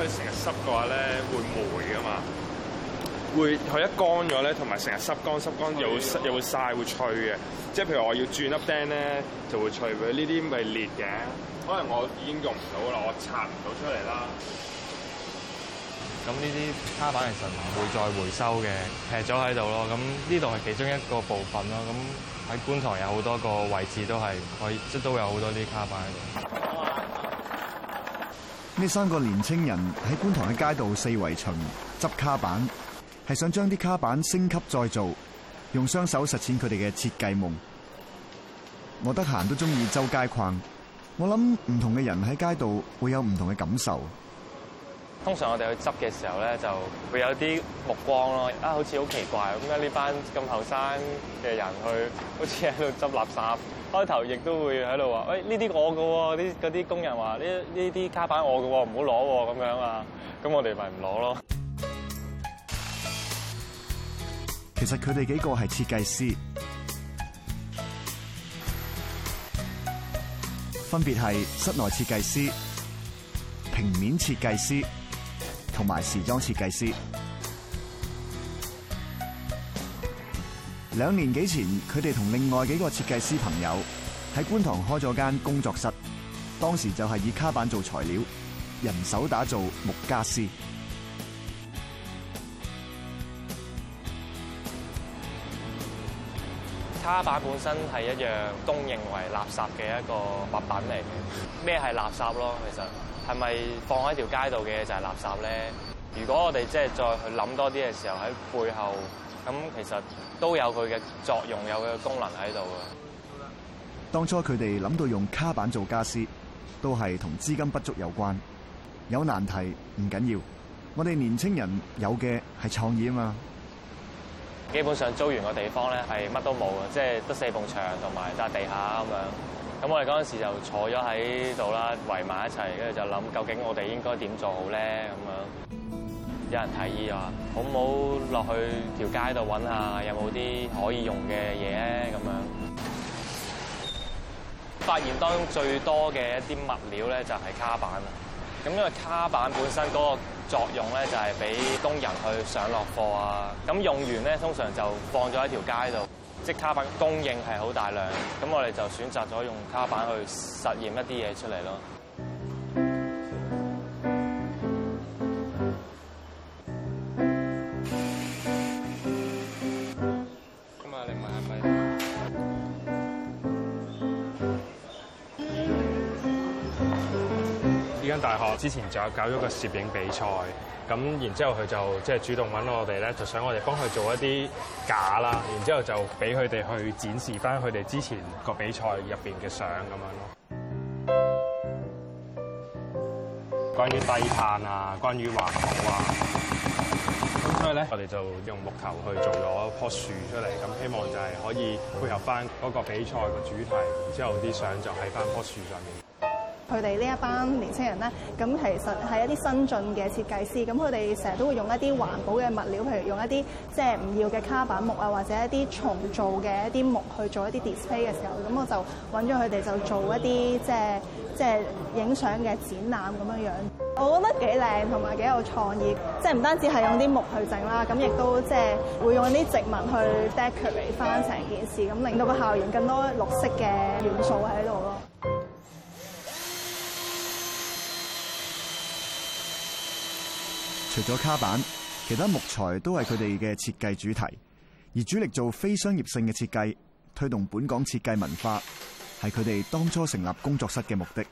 佢成日濕嘅話咧，會霉㗎嘛，會佢一乾咗咧，同埋成日濕乾濕乾又會濕又會曬會脆嘅，即係譬如我要轉粒釘咧，就會脆，佢呢啲咪裂嘅。可能我已經用唔到啦，我拆唔到出嚟啦。咁呢啲卡板其實唔會再回收嘅，劈咗喺度咯。咁呢度係其中一個部分咯。咁喺觀塘有好多個位置都係可以，即都有好多啲卡板喺度。呢三個年青人喺觀塘嘅街道四圍巡執卡板，係想將啲卡板升級再造，用雙手實踐佢哋嘅設計夢。我得閒都鍾意周街逛，我諗唔同嘅人喺街度會有唔同嘅感受。通常我哋去執嘅時候咧，就會有啲目光咯。啊，好似好奇怪，點解呢班咁後生嘅人去，好似喺度執垃圾？開頭亦都會喺度話，喂，呢啲我嘅喎，啲啲工人話，呢呢啲卡板我嘅喎，唔好攞喎，咁樣啊，咁我哋咪唔攞咯。其實佢哋幾個係設計師，分別係室內設計師、平面設計師同埋時裝設計師。兩年幾前，佢哋同另外幾個設計師朋友喺觀塘開咗間工作室，當時就係以卡板做材料，人手打造木傢俬。卡板本身係一樣公認為垃圾嘅一個物品嚟嘅，咩係垃圾咯？其實係咪放喺條街度嘅就係垃圾咧？如果我哋即係再去諗多啲嘅時候，喺背後咁其實都有佢嘅作用，有佢嘅功能喺度嘅。當初佢哋諗到用卡板做家私，都係同資金不足有關。有難題唔緊要，我哋年輕人有嘅係創意啊嘛。基本上租完個地方咧，係乜都冇嘅，即係得四埲牆同埋得地下咁樣。咁我哋嗰陣時就坐咗喺度啦，圍埋一齊，跟住就諗究竟我哋應該點做好咧咁樣。有人提議話，好唔好落去條街度揾下有冇啲可以用嘅嘢咧？咁樣發現當中最多嘅一啲物料咧，就係卡板啦。咁因為卡板本身嗰個作用咧，就係俾工人去上落貨啊。咁用完咧，通常就放咗喺條街度。即係卡板供應係好大量，咁我哋就選擇咗用卡板去實驗一啲嘢出嚟咯。之前仲有搞咗個攝影比賽，咁然之後佢就即係主動揾我哋咧，就想我哋幫佢做一啲架啦，然之後就俾佢哋去展示翻佢哋之前個比賽入面嘅相咁樣咯。關於低碳啊，關於環保啊，咁所以咧，我哋就用木頭去做咗一棵樹出嚟，咁希望就係可以配合翻嗰個比賽個主題，然之後啲相就喺翻棵樹上面。佢哋呢一班年青人咧，咁其實，係一啲新進嘅設計師，咁佢哋成日都會用一啲環保嘅物料，譬如用一啲即係唔要嘅卡板木啊，或者一啲重做嘅一啲木去做一啲 display 嘅時候，咁我就揾咗佢哋就做一啲即係即係影相嘅展覽，咁樣樣，我覺得幾靚同埋幾有創意，即係唔單止係用啲木去整啦，咁亦都即係會用啲植物去 decorate 翻成件事，咁令到個校園更多綠色嘅元素喺度咯。除咗卡板，其他木材都係佢哋嘅設計主題，而主力做非商業性嘅設計，推動本港設計文化，係佢哋當初成立工作室嘅目的。誒、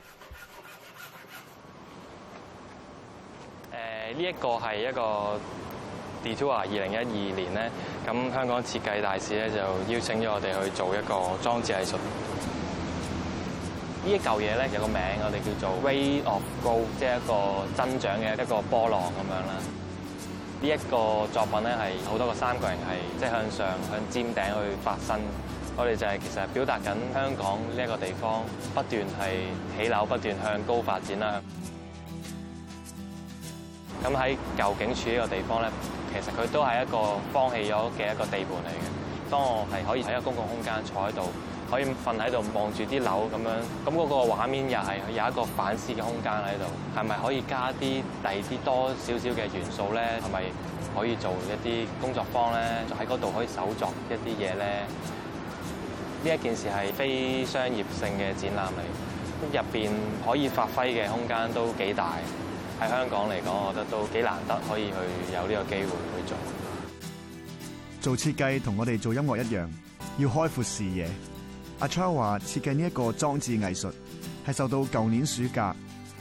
呃，呢、這個、一個係一個 detour 二零一二年咧，咁香港設計大使咧就邀請咗我哋去做一個裝置藝術。呢、這個、一嚿嘢咧，有個名，我哋叫做 Wave of Growth，即係一個增長嘅一個波浪咁樣啦。呢一個作品咧，係好多個三個人係，即係向上向尖頂去發生。我哋就係其實表達緊香港呢一個地方不斷係起樓，不斷向高發展啦。咁喺舊警署呢個地方咧，其實佢都係一個放棄咗嘅一個地盤嚟嘅。當我係可以喺一個公共空間坐喺度，可以瞓喺度望住啲樓咁樣，咁嗰個畫面又係有一個反思嘅空間喺度。係咪可以加啲第二啲多少少嘅元素咧？係咪可以做一啲工作坊咧？喺嗰度可以手作一啲嘢咧？呢一件事係非商業性嘅展覽嚟，入邊可以發揮嘅空間都幾大。喺香港嚟講，我覺得都幾難得可以去有呢個機會去做。做設計同我哋做音樂一樣，要開闊視野。阿 Chau 設計呢一個裝置藝術係受到舊年暑假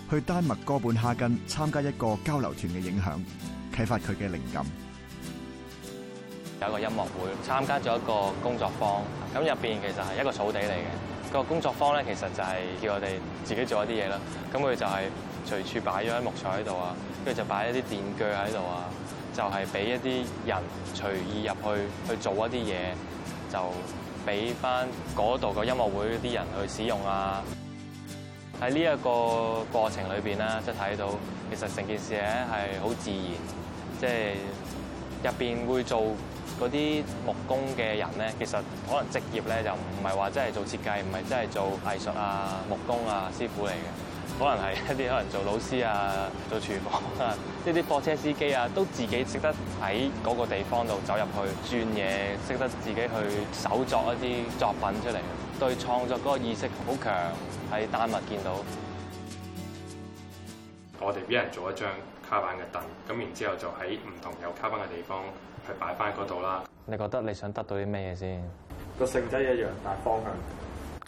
去丹麥哥本哈根，參加一個交流團嘅影響，啟發佢嘅靈感。有一個音樂會參加咗一個工作坊，咁入邊其實係一個草地嚟嘅。那個工作坊咧，其實就係叫我哋自己做一啲嘢啦。咁佢就係隨處擺咗啲木材喺度啊，跟住就擺一啲電鋸喺度啊，就係、是、俾一啲人隨意入去去做一啲嘢就。俾翻嗰度嘅音樂會啲人去使用啊！喺呢一個過程裏面咧，即係睇到其實成件事咧係好自然，即係入面會做嗰啲木工嘅人咧，其實可能職業咧就唔係話真係做設計，唔係真係做藝術啊、木工啊、師傅嚟嘅。可能係一啲可能做老師啊，做廚房啊，呢啲貨車司機啊，都自己識得喺嗰個地方度走入去轉嘢，識得自己去手作一啲作品出嚟，對創作嗰個意識好強喺丹麥見到。我哋畀人做一張卡板嘅凳，咁然之後就喺唔同有卡板嘅地方去擺翻喺嗰度啦。你覺得你想得到啲咩嘢先？個性質一樣，但係方向。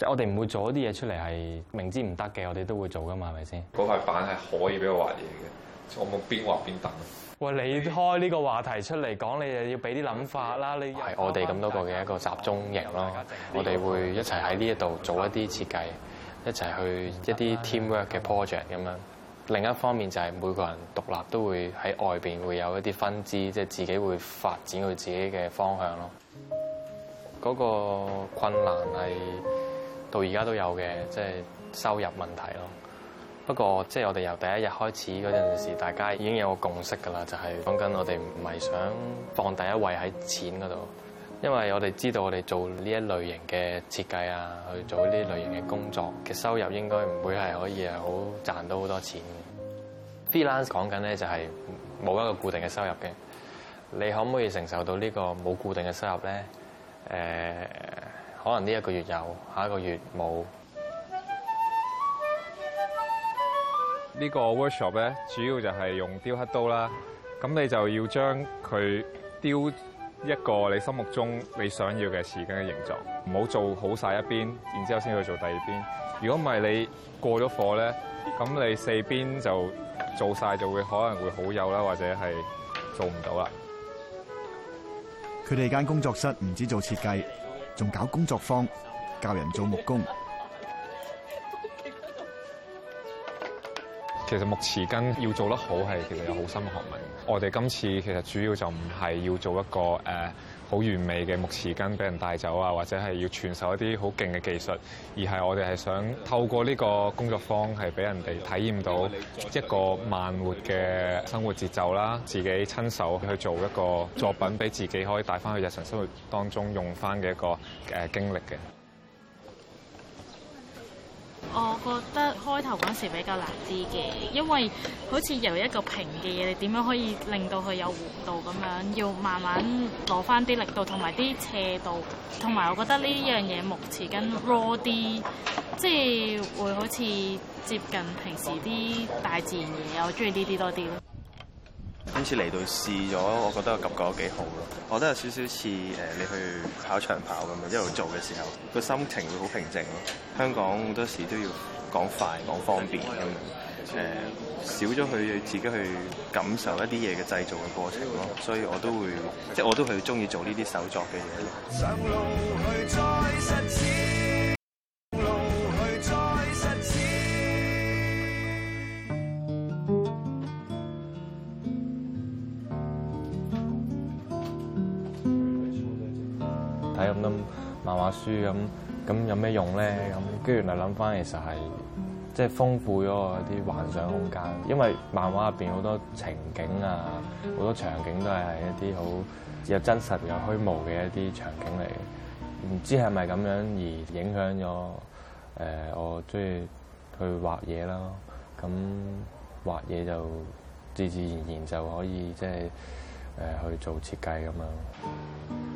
即係我哋唔會做一啲嘢出嚟係明知唔得嘅，我哋都會做噶嘛，係咪先？嗰塊板係可以俾佢畫嘢嘅，我冇邊畫邊等。喂，你開呢個話題出嚟講，你又要俾啲諗法啦。呢係我哋咁多個嘅一個集中營咯，我哋會一齊喺呢一度做一啲設計，一齊去一啲 teamwork 嘅 project 咁樣。另一方面就係每個人獨立都會喺外邊會有一啲分支，即係自己會發展佢自己嘅方向咯。嗰個困難係。到而家都有嘅，即係收入問題咯。不過即係我哋由第一日開始嗰陣時，大家已經有個共識㗎啦，就係講緊我哋唔係想放第一位喺錢嗰度，因為我哋知道我哋做呢一類型嘅設計啊，去做呢類型嘅工作嘅收入應該唔會係可以係好賺到好多錢。Freelance 講緊咧，就係冇一個固定嘅收入嘅，你可唔可以承受到呢個冇固定嘅收入咧？誒？可能呢一個月有，下一個月冇。呢個 workshop 咧，主要就係用雕刻刀啦。咁你就要將佢雕一個你心目中你想要嘅時間嘅形狀，唔好做好晒一邊，然之後先去做第二邊。如果唔係你過咗火咧，咁你四邊就做晒就會可能會好幼啦，或者係做唔到啦。佢哋間工作室唔止做設計。仲搞工作坊，教人做木工。其實木匙羹要做得好，係其實有好深嘅學問。我哋今次其實主要就唔係要做一個誒。Uh, 好完美嘅木匙羹俾人帶走啊，或者係要傳授一啲好勁嘅技術，而係我哋係想透過呢個工作坊係俾人哋體驗到一個慢活嘅生活節奏啦，自己親手去做一個作品，俾自己可以帶翻去日常生活當中用翻嘅一個誒經歷嘅。我覺得開頭嗰陣時比較難啲嘅，因為好似由一個平嘅嘢，你點樣可以令到佢有弧度咁樣？要慢慢攞翻啲力度同埋啲斜度，同埋我覺得呢樣嘢目前跟 raw 啲，即係會好似接近平時啲大自然嘢，我中意呢啲多啲咯。今次嚟到試咗，我覺得我感覺都幾好咯。我都有少少似誒，你去跑長跑咁樣一路做嘅時候，個心情會好平靜咯。香港好多時都要講快、講方便咁樣、呃、少咗去自己去感受一啲嘢嘅製造嘅過程咯。所以我都會即係我都係中意做呢啲手作嘅嘢。上路去再實書咁咁有咩用咧？咁跟住原來諗返，其實係即係豐富咗我啲幻想空間，因為漫畫入邊好多情景啊，好多場景都係係一啲好又真實又虛無嘅一啲場景嚟。唔知係咪咁樣而影響咗誒、呃、我中意去畫嘢啦。咁畫嘢就自自然然就可以即係誒去做設計咁樣。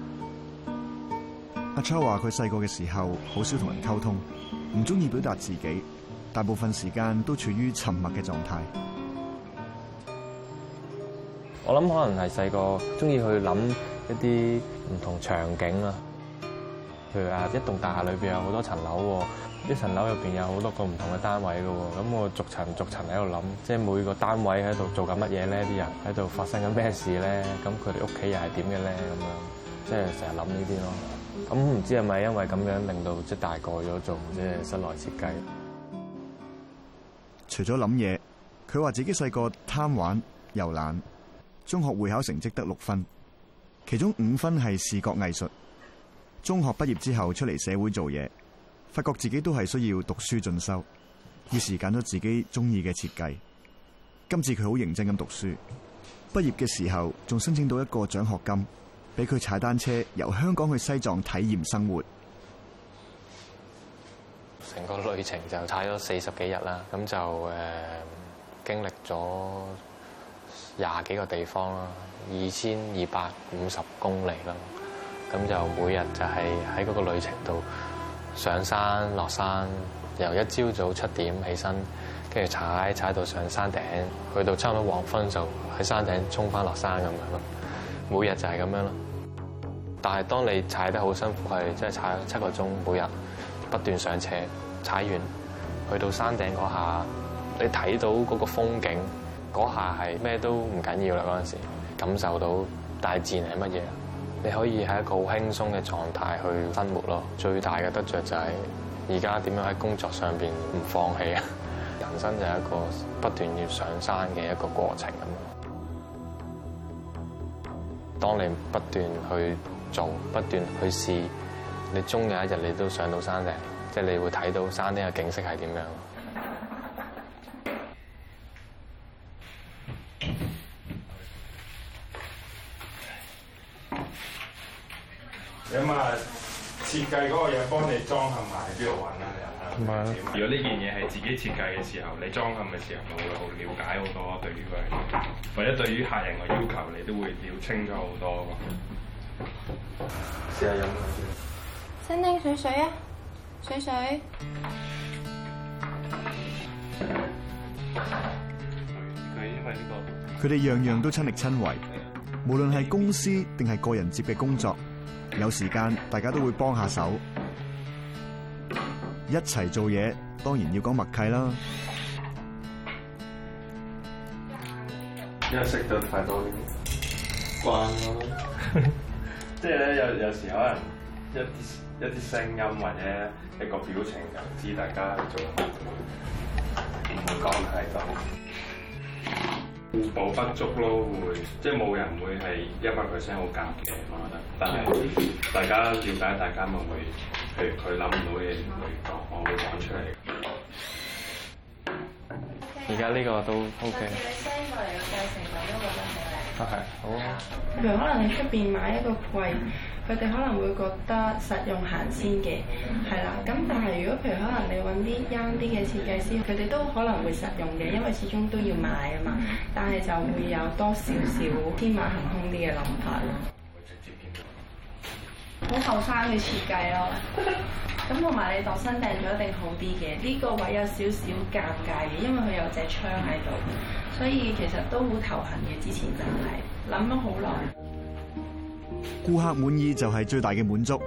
阿秋話佢細個嘅時候好少同人溝通，唔中意表達自己，大部分時間都處於沉默嘅狀態。我諗可能係細個中意去諗一啲唔同場景啦，譬如啊，一棟大廈裏邊有好多層樓，一層樓入邊有好多個唔同嘅單位噶，咁我逐層逐層喺度諗，即係每個單位喺度做緊乜嘢咧？啲人喺度發生緊咩事咧？咁佢哋屋企又係點嘅咧？咁樣即係成日諗呢啲咯。咁唔知係咪因為咁樣令到即大個咗做即室內設計？除咗諗嘢，佢話自己細個貪玩又懶，中學會考成績得六分，其中五分係視覺藝術。中學畢業之後出嚟社會做嘢，發覺自己都係需要讀書進修，於是揀咗自己中意嘅設計。今次佢好認真咁讀書，畢業嘅時候仲申請到一個獎學金。俾佢踩單車由香港去西藏體驗生活，成個旅程就踩咗四十幾日啦。咁就、呃、經歷咗廿幾個地方啦，二千二百五十公里啦。咁就每日就係喺嗰個旅程度上，上山落山，由一朝早七點起身，跟住踩踩到上山頂，去到差唔多黃昏就喺山頂衝翻落山咁樣咯。每日就係咁樣咯。但係，當你踩得好辛苦，係即係踩七個鐘每日不斷上斜，踩完去到山頂嗰下，你睇到嗰個風景，嗰下係咩都唔緊要啦嗰陣時，感受到大自然係乜嘢，你可以喺一個好輕鬆嘅狀態去生活咯。最大嘅得着就係而家點樣喺工作上邊唔放棄啊！人生就係一個不斷要上山嘅一個過程噉。當你不斷去做不斷去試，你終有一日你都上到山頂，即係你會睇到山頂嘅景色係點樣。咁啊，設計嗰個嘢幫你裝嵌埋，喺邊度揾啊？如果呢件嘢係自己設計嘅時候，你裝嵌嘅時候，我會好了解好多，對於佢，或者對於客人嘅要求，你都會了清楚好多。試下飲下先。新丁水水啊，水水。佢哋樣樣都親力親為，無論係公司定係個人接嘅工作，有時間大家都會幫下手，一齊做嘢當然要講默契啦。因為食到太多，慣咗 即係咧，有有時可能一啲一啲聲音或者一個表情就知大家做，唔會講太多，互補不足咯，會即係冇人會係一百 percent 好夾嘅，我覺得。但係大家瞭解，大家會唔會？譬如佢諗唔到嘢，唔會講，我會講出嚟。而家呢個都 OK。係、啊，好啊。譬如可能你出邊買一個櫃，佢哋可能會覺得實用行先嘅，係啦。咁但係如果譬如可能你揾啲啱啲嘅設計師，佢哋都可能會實用嘅，因為始終都要買啊嘛。但係就會有多少少天馬行空啲嘅諗法咯。好後生嘅設計咯，咁同埋你度身訂咗一定好啲嘅。呢個位有少少尷尬嘅，因為佢有隻窗喺度。所以其實都好頭痕嘅，之前就係諗咗好耐。顧客滿意就係最大嘅滿足。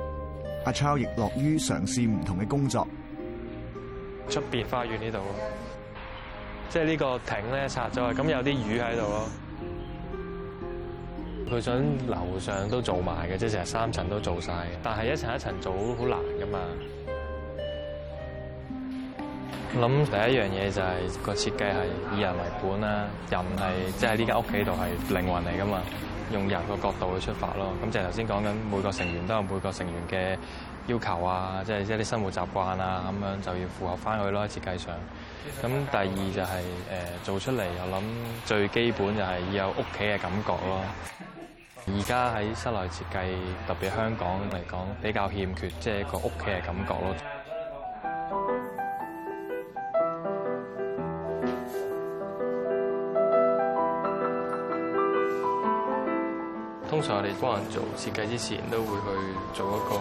阿超亦樂於嘗試唔同嘅工作。出邊花園呢度，即係呢個艇咧拆咗，咁有啲魚喺度咯。佢想樓上都做埋嘅，即係成日三層都做晒，但係一層一層做好難㗎嘛。我諗第一樣嘢就係個設計係以人為本啦，人係即係呢間屋企度係靈魂嚟噶嘛，用人個角度去出發咯。咁就係頭先講緊每個成員都有每個成員嘅要求啊，即係一啲生活習慣啊，咁樣就要符合翻佢咯，喺設計上。咁第二就係誒做出嚟，我諗最基本就係要有屋企嘅感覺咯。而家喺室內設計，特別香港嚟講，比較欠缺即係個屋企嘅感覺咯。就我哋幫人做設計之前，都會去做一個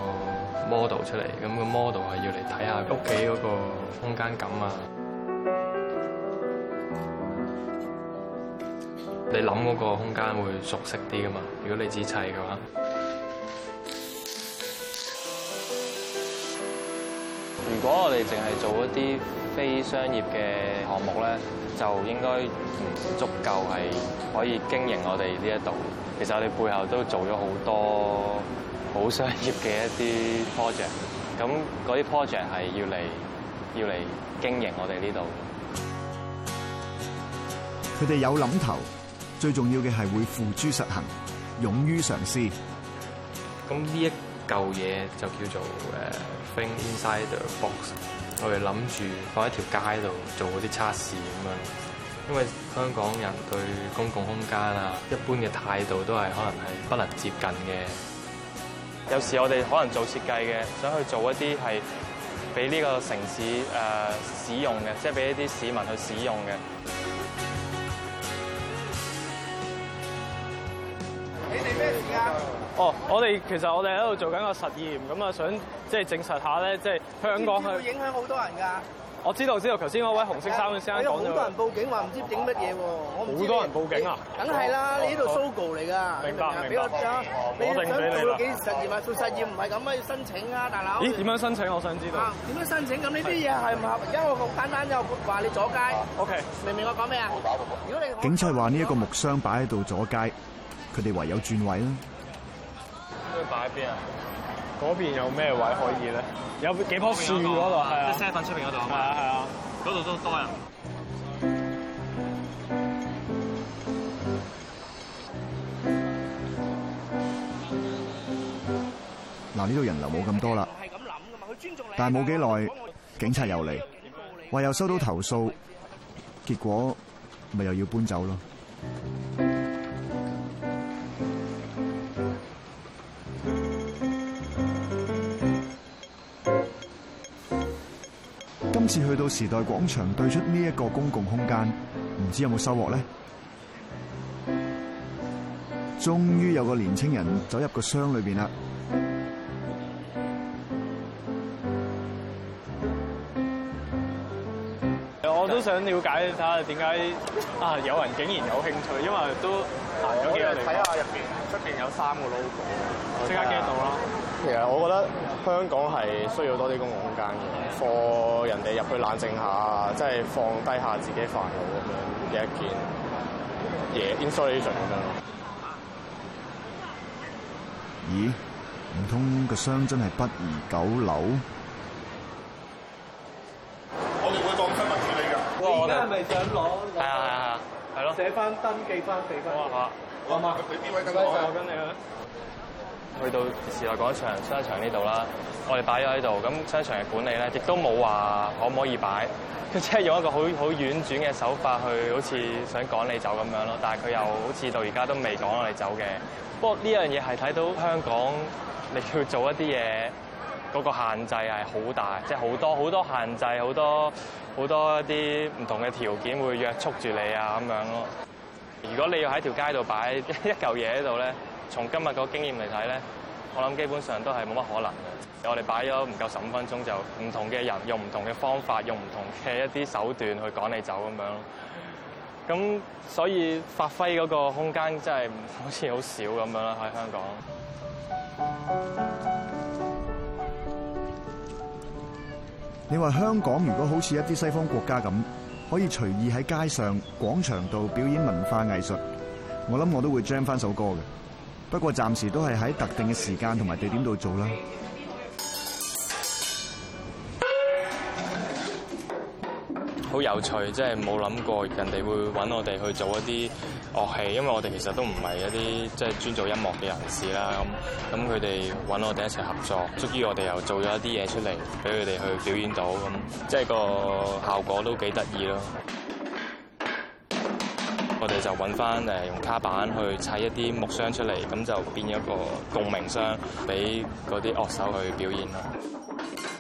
model 出嚟。咁個 model 係要嚟睇下屋企嗰個空間感啊。你諗嗰個空間會熟悉啲噶嘛？如果你自砌嘅話，如果我哋淨係做一啲。非商業嘅項目咧，就應該唔足夠係可以經營我哋呢一度。其實我哋背後都做咗好多好商業嘅一啲 project。咁嗰啲 project 係要嚟要嚟經營我哋呢度。佢哋有諗頭，最重要嘅係會付諸實行，勇於嘗試。咁呢一嚿嘢就叫做誒 think inside the box。我哋諗住放一條街度做嗰啲測試咁樣，因為香港人對公共空間啊，一般嘅態度都係可能係不能接近嘅。有時我哋可能做設計嘅，想去做一啲係俾呢個城市誒使用嘅，即係俾一啲市民去使用嘅。哦，我哋其實我哋喺度做緊個實驗，咁啊想即係證實下咧，即係香港係會影響好多人㗎。我知道，知道，頭先嗰位紅色衫嘅先因為好多人報警話唔知整乜嘢喎，我唔好多人報警啊。梗係啦，你呢度 sogo 嚟㗎，明白？俾我啊，你想我明你想做幾實驗啊？做實驗唔係咁啊，要申請啊，大佬。咦？點樣申請？我想知道。點、啊、樣申請？咁呢啲嘢係唔合，因為好簡單，就話你阻街，啊。OK，明唔明我講咩啊？如果你警隊話呢一個木箱擺喺度阻街，佢哋唯有轉位啦。擺喺邊啊？嗰邊有咩位可以咧？有幾棵樹嗰度，即係沙粉出邊嗰度啊，係啊，嗰度都多人。嗱，呢度人流冇咁多啦，但係冇幾耐，警察又嚟，話又收到投訴，結果咪又要搬走咯。次去到時代廣場對出呢一個公共空間，唔知有冇收穫咧？終於有個年青人走入個箱裏邊啦！我都想了解睇下點解啊！有人竟然有興趣，因為都行咗睇下入邊出邊有三個 logo，即刻 get 到啦！其實我覺得香港係需要多啲公共空間嘅，放人哋入去冷靜下，即係放低下自己煩惱咁樣嘅一件嘢。Insulation 咁樣。咦？唔通個箱真係不宜久留？ 我哋會當新聞處理㗎。而家係咪就攞？係啊係啊係啊。係咯，寫翻登記翻俾佢。哇！好啊，好啊。咁俾邊位更加上？去到時代廣場商場呢度啦，我哋擺咗喺度。咁商場嘅管理咧，亦都冇話可唔可以擺。佢即係用一個好好婉轉嘅手法去，好似想趕你走咁樣咯。但係佢又好似到而家都未趕我哋走嘅。不過呢樣嘢係睇到香港你要做一啲嘢，嗰個限制係好大，即係好多好多限制，好多好多一啲唔同嘅條件會約束住你啊咁樣咯。如果你要喺條街度擺一嚿嘢喺度咧。從今日個經驗嚟睇咧，我諗基本上都係冇乜可能嘅。我哋擺咗唔夠十五分鐘，就唔同嘅人用唔同嘅方法，用唔同嘅一啲手段去趕你走咁樣。咁所以發揮嗰個空間真係好似好少咁樣啦。喺香港，你話香港如果好似一啲西方國家咁，可以隨意喺街上廣場度表演文化藝術，我諗我都會 jam 翻首歌嘅。不過暫時都係喺特定嘅時間同埋地點度做啦。好有趣，即係冇諗過人哋會揾我哋去做一啲樂器，因為我哋其實都唔係一啲即係專做音樂嘅人士啦。咁咁佢哋揾我哋一齊合作，終於我哋又做咗一啲嘢出嚟俾佢哋去表演到，咁即係個效果都幾得意囉。我哋就揾翻誒用卡板去砌一啲木箱出嚟，咁就變成一個共鳴箱俾嗰啲樂手去表演咯。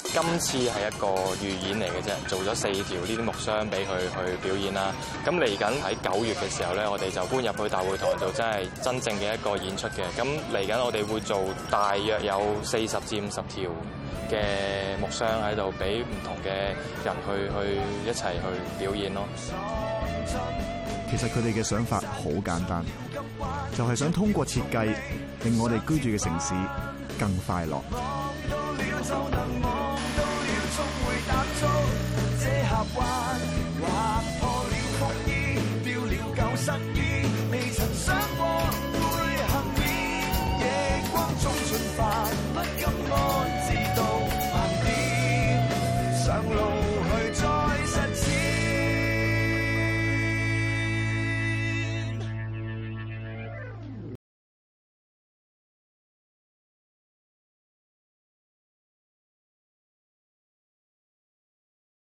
今次係一個預演嚟嘅啫，做咗四條呢啲木箱俾佢去表演啦。咁嚟緊喺九月嘅時候咧，我哋就搬入去大會堂度，真係真正嘅一個演出嘅。咁嚟緊我哋會做大約有四十至五十條嘅木箱喺度，俾唔同嘅人去去一齊去表演咯。其實佢哋嘅想法好簡單，就係想通過設計令我哋居住嘅城市更快樂。